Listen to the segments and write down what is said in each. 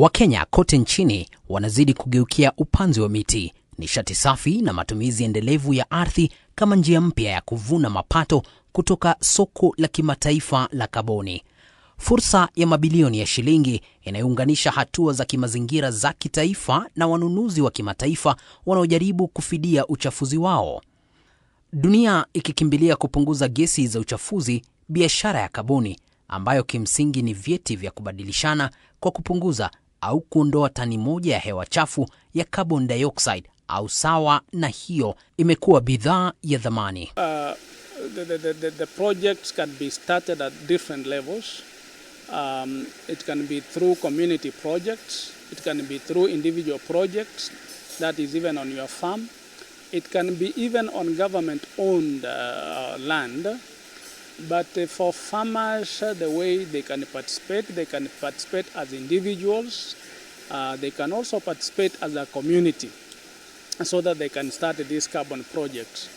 Wakenya kote nchini wanazidi kugeukia upanzi wa miti, nishati safi na matumizi endelevu ya ardhi kama njia mpya ya kuvuna mapato kutoka soko la kimataifa la kaboni. Fursa ya mabilioni ya shilingi inayounganisha hatua za kimazingira za kitaifa na wanunuzi wa kimataifa wanaojaribu kufidia uchafuzi wao. Dunia ikikimbilia kupunguza gesi za uchafuzi, biashara ya kaboni ambayo kimsingi ni vyeti vya kubadilishana kwa kupunguza au kuondoa tani moja ya hewa chafu ya carbon dioxide au sawa na hiyo imekuwa bidhaa ya dhamani. Uh, the, the, the, the projects can be started at different levels. Um, it can be through community projects, it can be through individual projects that is even on your farm. It can be even on government owned uh, land. But uh, for farmers, uh, the way they can participate, they can participate as individuals. Uh, they can also participate as a community so that they can start this carbon project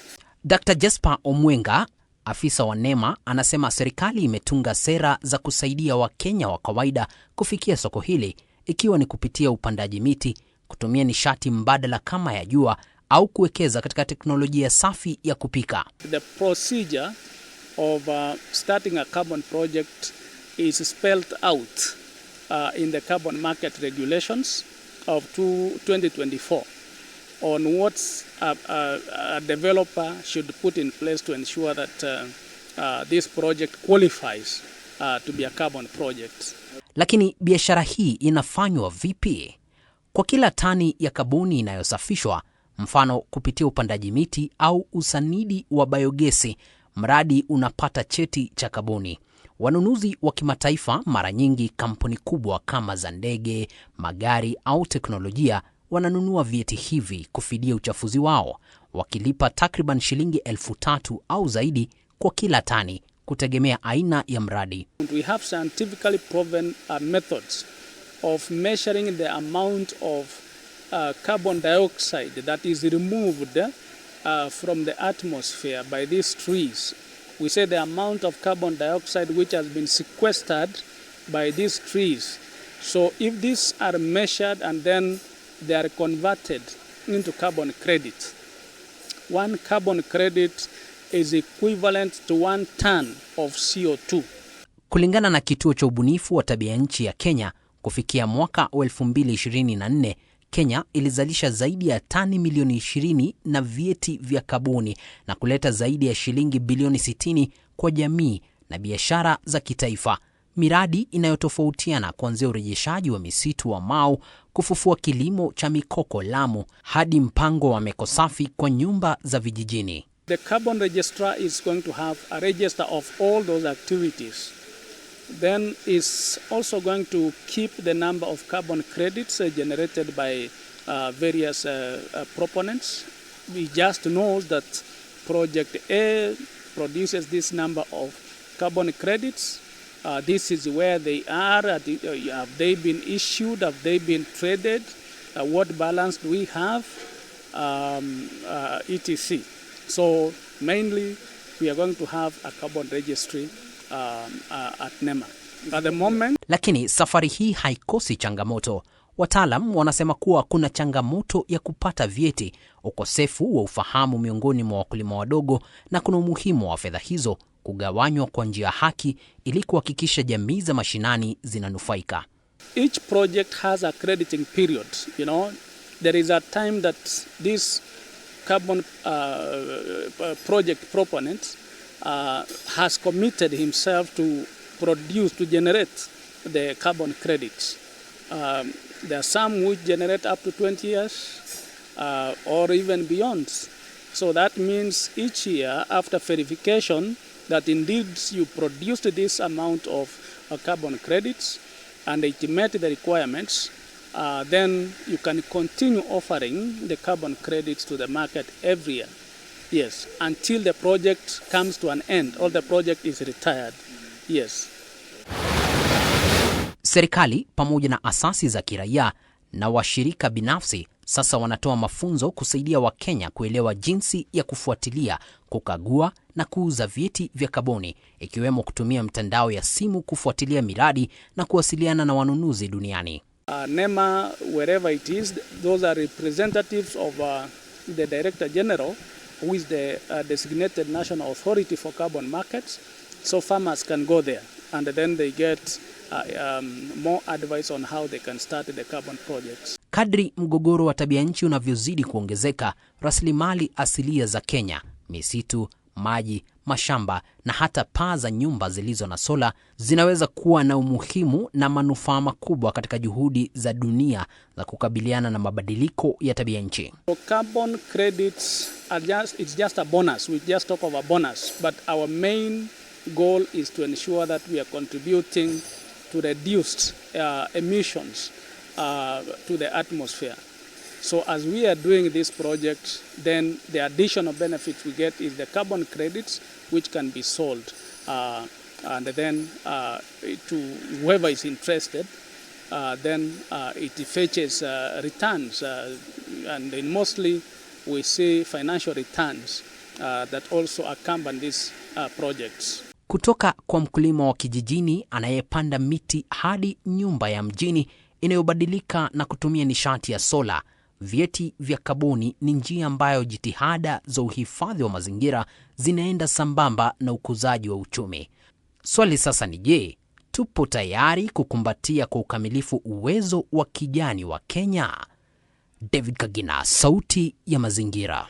Dr. Jesper Omwenga, afisa wa NEMA, anasema serikali imetunga sera za kusaidia Wakenya wa kawaida kufikia soko hili ikiwa ni kupitia upandaji miti, kutumia nishati mbadala kama ya jua au kuwekeza katika teknolojia safi ya kupika. The procedure of uh, starting a carbon project is spelled out uh, in the carbon market regulations of 2024 on what a, uh, a, uh, a developer should put in place to ensure that uh, uh, this project qualifies uh, to be a carbon project. Lakini biashara hii inafanywa vipi? Kwa kila tani ya kabuni inayosafishwa, mfano kupitia upandaji miti au usanidi wa biogesi, mradi unapata cheti cha kaboni. Wanunuzi wa kimataifa, mara nyingi kampuni kubwa kama za ndege, magari au teknolojia, wananunua vyeti hivi kufidia uchafuzi wao, wakilipa takriban shilingi elfu tatu au zaidi kwa kila tani kutegemea aina ya mradi. We have scientifically proven uh, methods of measuring the amount of uh, carbon dioxide that is removed uh, from the atmosphere by these trees. We say the amount of carbon dioxide which has been sequestered by these trees. So if these are measured and then they are converted into carbon credit, one carbon credit is equivalent to one ton of CO2. Kulingana na kituo cha ubunifu wa tabia nchi ya Kenya, kufikia mwaka wa 2024 Kenya ilizalisha zaidi ya tani milioni 20 na vieti vya kaboni na kuleta zaidi ya shilingi bilioni 60 kwa jamii na biashara za kitaifa. Miradi inayotofautiana kuanzia urejeshaji wa misitu wa Mau, kufufua kilimo cha mikoko Lamu, hadi mpango wa meko safi kwa nyumba za vijijini. The carbon registrar is going to have a register of all those activities then is also going to keep the number of carbon credits uh, generated by uh, various uh, uh, proponents. We just know that project A produces this number of carbon credits. Uh, this is where they are. Uh, uh, have they been issued? Have they been traded? Uh, what balance do we have? Um, uh, etc. So mainly we are going to have a carbon registry Uh, uh, at NEMA. At the moment... Lakini safari hii haikosi changamoto. Wataalam wanasema kuwa kuna changamoto ya kupata vyeti, ukosefu wa ufahamu miongoni mwa wakulima wadogo, na kuna umuhimu wa fedha hizo kugawanywa kwa njia haki ili kuhakikisha jamii za mashinani zinanufaika. Each project has a crediting period, you know. There is a time that this carbon uh, uh project proponent uh, has committed himself to produce, to generate the carbon credits. Um, there are some which generate up to 20 years uh, or even beyond. So that means each year after verification that indeed you produced this amount of uh, carbon credits and it met the requirements, uh, then you can continue offering the carbon credits to the market every year. Yes, until the project comes to an end all the project is retired. Yes. Serikali pamoja na asasi za kiraia na washirika binafsi sasa wanatoa mafunzo kusaidia Wakenya kuelewa jinsi ya kufuatilia, kukagua na kuuza vyeti vya kaboni, ikiwemo kutumia mtandao ya simu kufuatilia miradi na kuwasiliana na wanunuzi duniani. Uh, NEMA, wherever it is, those are representatives of, uh, the Director General who is the uh, designated national authority for carbon markets. So farmers can go there and then they get uh, um, more advice on how they can start the carbon projects. Kadri mgogoro wa tabia nchi unavyozidi kuongezeka, rasilimali asilia za Kenya, misitu maji, mashamba na hata paa za nyumba zilizo na sola zinaweza kuwa na umuhimu na manufaa makubwa katika juhudi za dunia za kukabiliana na mabadiliko ya tabia nchi. Carbon credits are just, it's just a bonus. We just talk of a bonus, but our main goal is to ensure that we are contributing to reduced uh, emissions uh, to the atmosphere. So as we are doing this project, then the additional benefit we get is the carbon credits, which can be sold. Uh, and then uh, to whoever is interested, uh, then uh, it fetches uh, returns. Uh, and mostly we see financial returns uh, that also accompany these uh, projects. Kutoka kwa mkulima wa kijijini anayepanda miti hadi nyumba ya mjini inayobadilika na kutumia nishati ya sola Vyeti vya kaboni ni njia ambayo jitihada za uhifadhi wa mazingira zinaenda sambamba na ukuzaji wa uchumi. Swali sasa ni je, tupo tayari kukumbatia kwa ukamilifu uwezo wa kijani wa Kenya? David Kagina, Sauti ya Mazingira.